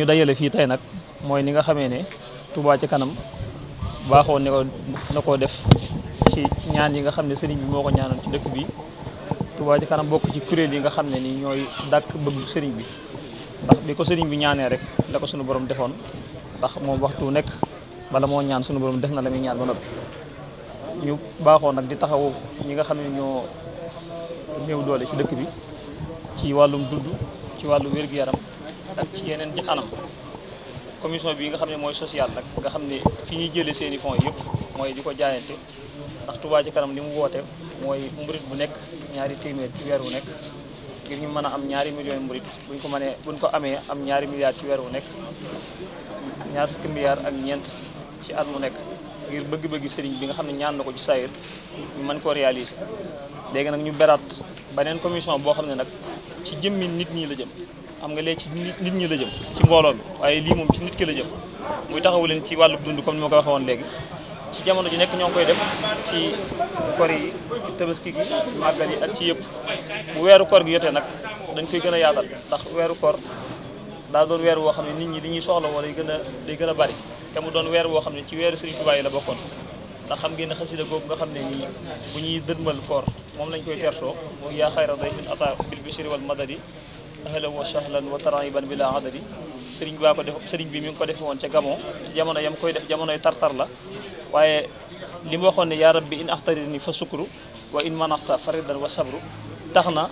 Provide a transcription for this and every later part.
ñu dajale fii tey nag mooy ni nga xamee ne tuubaa ci kanam baaxoo ne koo def ci ñaan yi nga xam ne sëriñ bi moo ko ñaanoon ci dëkk bi Touba ci kanam bokk ci kuréel yi nga xam ne ni ñooy dàkk bëgg sëriñ bi ndax bi ko sëriñ bi ñaanee rek la ko suñu borom defoon ndax moom waxtu nekk bala moo ñaan suñu borom def na la muy ñaan ba noppi ñu baaxoo nag di taxawu ñi nga xam ne ñoo néew doole ci dëkk bi ci wàllum dudd ci wàllu wér-gu-yaram ak ci yeneen ci anam commission bi nga xam ne mooy social nag nga xam ne fi ñuy jëlee seeni i fonds yëpp mooy di ko jaayante ndax Touba ci kanam li mu woote mooy murit bu nekk ñaari téeméer ci weer wu nekk ngir ñu mën a am ñaari millions murit buñ ko mënee buñ ko amee am ñaari milliards ci wu nekk ñaar fukki ak ñeent ci at mu nekk ngir bëgg-bëgg sëriñ bi nga xam ne ñaan na ko ci saayir ñu mën koo réaliser léegi nag ñu beraat beneen commission boo xam ne nag ci jëmmi nit ñi la jëm am nga léegi ci nit ñi la jëm ci mbooloo mi waaye lii moom ci nit ki la jëm muy taxawu leen ci wàllu dund comme ni ma ko waxee woon ci jamono ji nekk ñoo koy def ci kor gi ci màggal yi ak ci yëpp bu weeru koor gi yotee nag dañ koy gën a yaatal ndax weeru koor daa doon weer woo xam ne nit ñi li ñuy soxla wala day gën a day gën a bari te mu doon weer woo xam ne ci weeru Sëriñ Tuubaa yi la bokkoon ndax xam ngeen ne xasida googu nga xam ne nii bu ñuy dëdmal koor moom lañ koy tersoo mooy yaa xayra day in ata bil bishri ahlan wa sahlan wa taraiban bila adadi sëriñ baa ko def sëriñ bi mi ngi ko defe woon ca Gabon te jamono yam koy def jamonoy tartar la waaye li mu waxoon ne yaa bi in axtarini fa sukru wa in manaxta faridan wa sabru tax na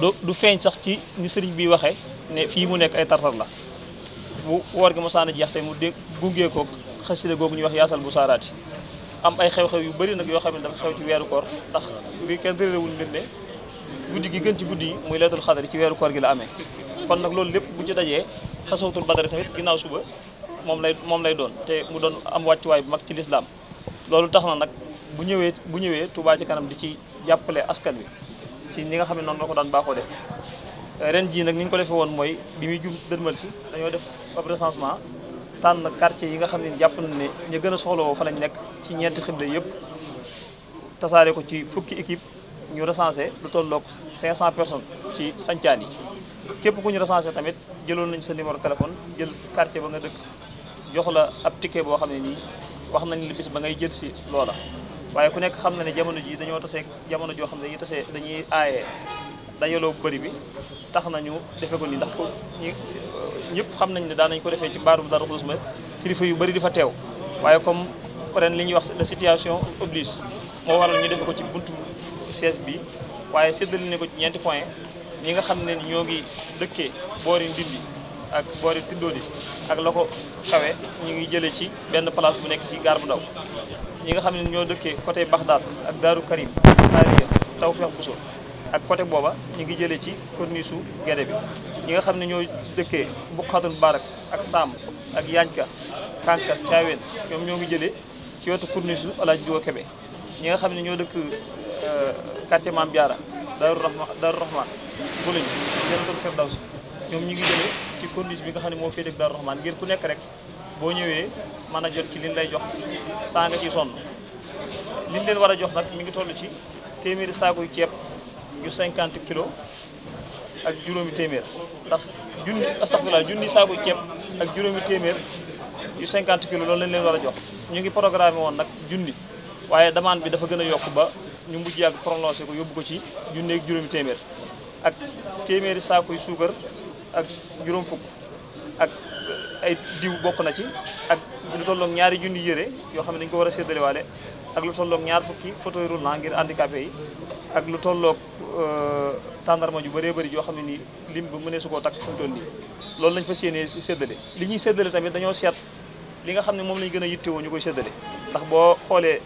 du feeñ sax ci ni sëriñ bi waxe ne fii mu nekk ay tar la bu woor gi mosaan a jeex tey mu dé gungee kook xasida googu ñuy wax yaasal bu saaraati am ay xew-xew yu bari nag yoo xam ne dafa xew ci weeru koor ndax li kenn tëralewul mbir guddi gi gën ci guddi yi muy laylatul xadar ci weeru koor gi la amee kon nag loolu lépp bu ci dajee xasawatul badar tamit ginnaaw suba moom lay moom lay doon te mu doon am wàccuwaay bu mag ci lislaam loolu tax na nag bu ñëwee bu ñëwee tubaa ci kanam di ci jàppale askan wi ci ñi nga xam ne noonu la ko daan baaxoo def ren jii nag ni ñu ko defee woon mooy bi muy jub dërmal si dañoo def ab recensement tànn quartier yi nga xam ne jàpp nañ ne ñu gën a soxlawoo fa lañ nekk ci ñeenti xibla yëpp tasaare ko ci fukki équipe ñu recensé lu tolloog cent personnes ci sancaan yi képp ku ñu recensé tamit jëloon nañ sa numéro téléphone jël quartier ba nga dëkk jox la ab ticket boo xam ne nii wax nañ la bis ba ngay jël si loola. waaye ku nekk xam na ne jamono ji dañoo tasee jamono joo xam ne dañuy tasee dañuy aaye dajaloo bëri bi tax nañu defe ko nii ndax ko ñi ñëpp xam nañ ne daan nañ ko defee ci mbaarum Daaru Xudoos ma kilifa yu bëri di fa teew waaye comme ren li ñuy wax situation oblige moo waral ñu defe ko ci buntu siège bi waaye séddale ne ko ci ñeenti point ñi nga xam ne ñoo ngi dëkkee boori Ndindi ak boori Tiddooli ak la ko xawe ñu ngi jëlee ci benn place bu nekk ci gaar bu ndaw ñi nga xam ne ñoo dëkkee côté Baxdaat ak Daaru Karim taw Tawfeex Buso ak côté booba ñu ngi jëlee ci corniche u Gede bi ñi nga xam ne ñoo dëkkee Buqaatul Barak ak Saam ak Yaañka Kankas Caaween ñoom ñoo ngi jëlee ci wetu corniche u Alaaji ñoo dëkk Euh, quartier Mame Diarra Daaru Rahma Daaru Rahman Buluñ Jannatul Firdaws ñoom ñu ngi jëlee ci corniche bi nga xam ne moo féetee Daaru Rahman ngir ku nekk rek boo ñëwee man a jot ci liñ lay jox saa nga ciy sonn liñ leen war a jox nag mi ngi toll ci téeméeri saakuy ceeb yu 50 kilos ak juróomi téeméer ndax junni astafurlah junni saakuy ceeb ak juróomi téeméer yu 50 kilos loolu lañ leen war a jox ñu ngi programme woon nag junni waaye demande bi dafa gën a yokk ba ñu mujj yàgg prononcé ko yóbbu ko ci junne ak juróomi téeméer ak téeméeri saakoy suukar ak juróom fukk ak eh, ay diw bokk na ci ak lu tolloog ñaari junni yére yoo xam ne dañu ko war a séddalewaale ak lu tolloog ñaar fukki fauteuil roulant ngir handicapé yi ak lu tolloog eh, tàndarma ju bëree bari yoo xam ne nii lim bi mu ne su koo takk fu toll nii loolu lañ fas yéenee séddale li ñuy séddale tamit dañoo seet li nga xam ne moom lañ gën a yittewoo ñu koy séddale ndax boo xoolee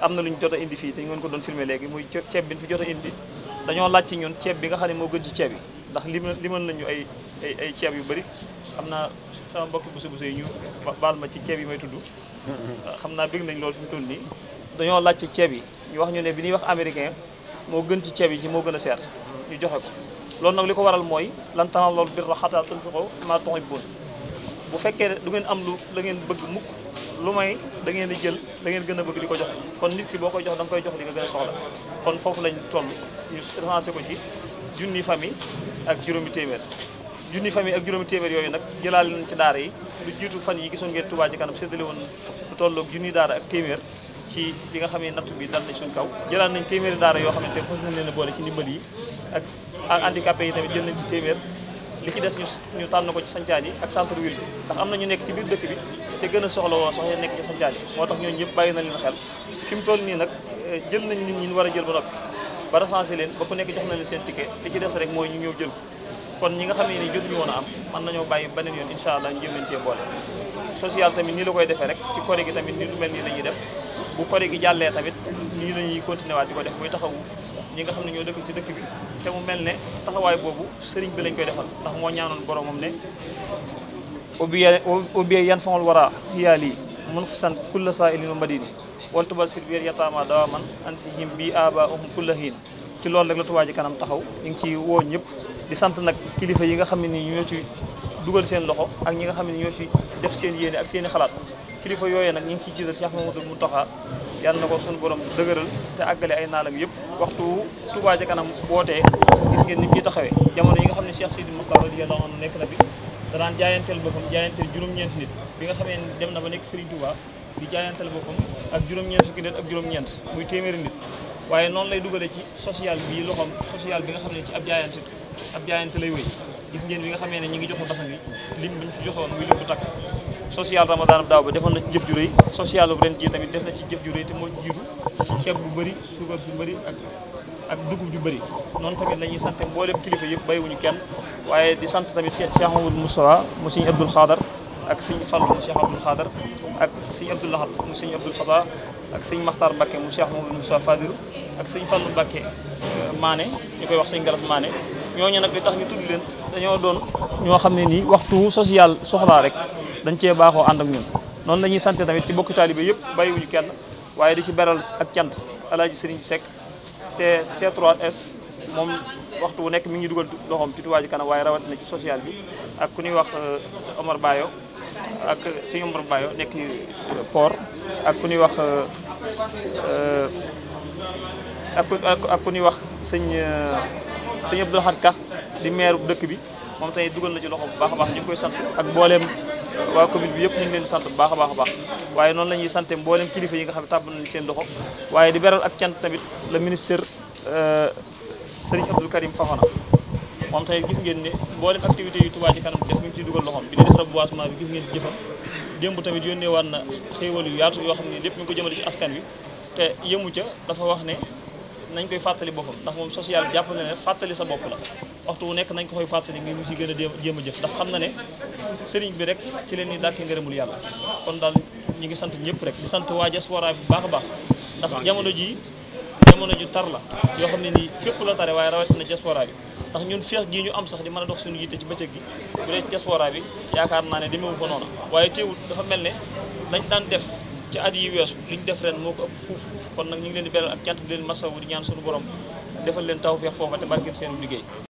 am na lu ñu jot a indi fii te ñu ko doon filmer léegi muy ceeb bi ñu fi jot a indi dañoo laaj ci ñun ceeb bi nga xam ne moo gën ci ceeb yi ndax lim limal nañu ay ay ceeb yu bëri am naa sama mbokk busu busu yi ñu baal ma ci ceeb yi may mm-hmm. xam naa bëgg nañ loolu fi mu toll dañoo laaj ci ceeb yi ñu wax ñu ne bi ñuy wax américain moo gën ci ceeb yi ci moo gën a seer ñu joxe ko loolu nag li ko waral mooy lan tanaalul birra hattaa tunfiqu mimmaa tuhibbuun bu fekkee du ngeen am lu la ngeen bëgg mukk lu may da ngeen di jël da ngeen gën a bëgg di ko jox kon nit ki boo koy jox danga koy jox li nga gën a soxla kon foofu lañ toll ñu recensé ko ci junni famille ak juróomi téeméer junni famille ak juróomi téeméer yooyu nag jëlaale nañ ci daara yi lu jiitu fan yi gisoon ngeen Touba ci kanam séddale woon lu tolloog junni daara ak téeméer ci li nga xam ne nattu bi dal nañ suñ kaw jëlaal nañ téeméeri daara yoo xamante ne fas nañ leen boole ci ndimbal yi ak handicapé yi tamit jël nañ ci téeméer li ci des ñu ñu tànn ko ci sancaan yi ak centre ville bi ndax am na ñu nekk ci biir dëkk bi te gën a soxla woon sax nekk ci sancaan yi moo tax ñooñu ñëpp bàyyi na leen xel fi mu toll nii nag eh, jël nañ nit ñi war a jël ba noppi ba recensé leen ba ku nekk jox na leen seen ticket li ci des rek mooy ñu ñëw jël kon ñi nga xam ne ni jotuñu woon a am mën nañoo bàyyi beneen yoon incha allah ñu jéem leen cee boole social tamit nii la koy defee rek ci koré gi tamit mel nii la ñuy def bu koré gi jàllee tamit nii la ñuy continué waat ko def muy taxawu ñi nga xam ne ñoo dëkk ci dëkk bi te mu mel ne taxawaay boobu sëriñ bi lañ koy defal ndax moo ñaanoon boromam ne ubbie yan fanol wara xiyaal yi mun xisan kulla saa ilin wa madini wal tuba sirbier yataama dawa man an si him bi aba uhum kulla hiin ci loolu rek la Touba Ca Kanam taxaw ñu ngi ci woo ñëpp di sant nag kilifa yi nga xam ne ni ñoo ci dugal seen loxo ak ñi nga xam ne ñoo ci def seen yéene ak seeni xalaat kilifa yooyee nag ñu ngi ciy jiital Cheikh Mamadou Mountakha yàlla na ko suñu borom dëgëral te àggale ay naalam yëpp waxtu Touba ca kanam bootee gis ngeen ni ciy taxawee jamono yi nga xam ne Cheikh Sidi Mokhtar radiyallahu anhu nekk na bi danaan jaayanteel juróom-ñeent nit bi nga xamee ne dem na ba nekk Serigne Touba di jaayanteel boppam ak juróom-ñeent fukki ak juróom-ñeent muy téeméeri nit waaye noonu lay dugale ci social bii loxoom social bi nga xam ne ci ak jaayante ak jaayante lay wéy gis ngeen bi nga xamee ne ñu ngi joxe basan bi lim bi ñu ci joxoon muy lim social ramadan daaw ba defoon na ci jëf ju rëy social bu ren jii tamit def na ci jëf ju rëy te moo ci jiitu ceeb bu bari suukar su bëri ak ak dugub ju bëri noonu tamit la ñuy sant mboolem kilifa yëpp bay wu ñu kenn waaye di sant tamit Cheikh Mamadou Moustapha mu sëñ Abdoul Xaadar ak sëñ Fall mu Cheikh Abdoul Xaadar ak sëñ Abdoul Ahad mu sëñ Abdoul Fata ak sëñ Makhtar Mbacké mu Cheikh Mamadou Moustapha Fadilu ak sëñ Fall Mbacké euh, maane ñu koy wax sëñ Galas Mané ñooñu nag li tax ñu tudd dañoo doon ñoo xam ne nii waxtu social soxlaa rek dañu cee baaxoo ànd ak ñun noonu la ñuy sant tamit ci bokki taalibe yëpp bàyyiwuñu kenn waaye di ci beral ak cant alaaji sëriñ Seck C C3S moom waxtu wu nekk mi ngi dugal loxoom ci Touba Ca Kanam waaye rawatina ci social bi ak ku ñuy wax euh, Omar Bayo ak sëñ Omar Bayo nekk euh, port ak ku ñuy wax euh, ak ak ku ñuy wax sëñ sëñ Abdoul Ka di maire dëkk bi moom tamit dugal na ci loxoom bu baax a ñu koy sant ak mbooleem waa commune bi yëpp ñu ngi sant bu baax a baax a baax waaye noonu la ñuy sante mboolem kilifa yi nga xam ne tàbb nañ seen loxo waaye di beral ak cant tamit le ministre euh, Serigne Abdou Karim Fofana moom tamit gis ngeen ne mboolem activité yu Touba ci kanam def mi ngi ciy dugal loxoom bi di gis ngeen ci jëfam démb tamit yónnee waan na xéewal yu yaatu yoo xam ne lépp mi ko jëmale ci askan wi te yëmu ca dafa wax ne nañ koy fàttali boppam ndax moom social jàpp na ne fàttali sa bopp la waxtu wu nekk nañ ko koy fàttali ngir mu si gën a jéem a jëf ndax xam na ne sëriñ bi rek ci leen ni daal di ngërëmul yàlla kon daal ñu ngi sant ñëpp rek di sant waa diaspora bi baax a baax ndax jamono ji jamono ju tar la yoo xam ne nii fépp la tare waaye rawatina diaspora bi ndax ñun feex gii ñu am sax di mën a dox suñu yitte ci bëccëg gi bu dee diaspora bi yaakaar naa ne demewu ko waaye teewul dafa mel ne lañ daan def ci at yi weesu li ñu def ren moo ko ëpp fuuf kon nag ñu ngi leen di beral ak cant di leen masawu di ñaan suñu borom defal leen tawfeex liggéey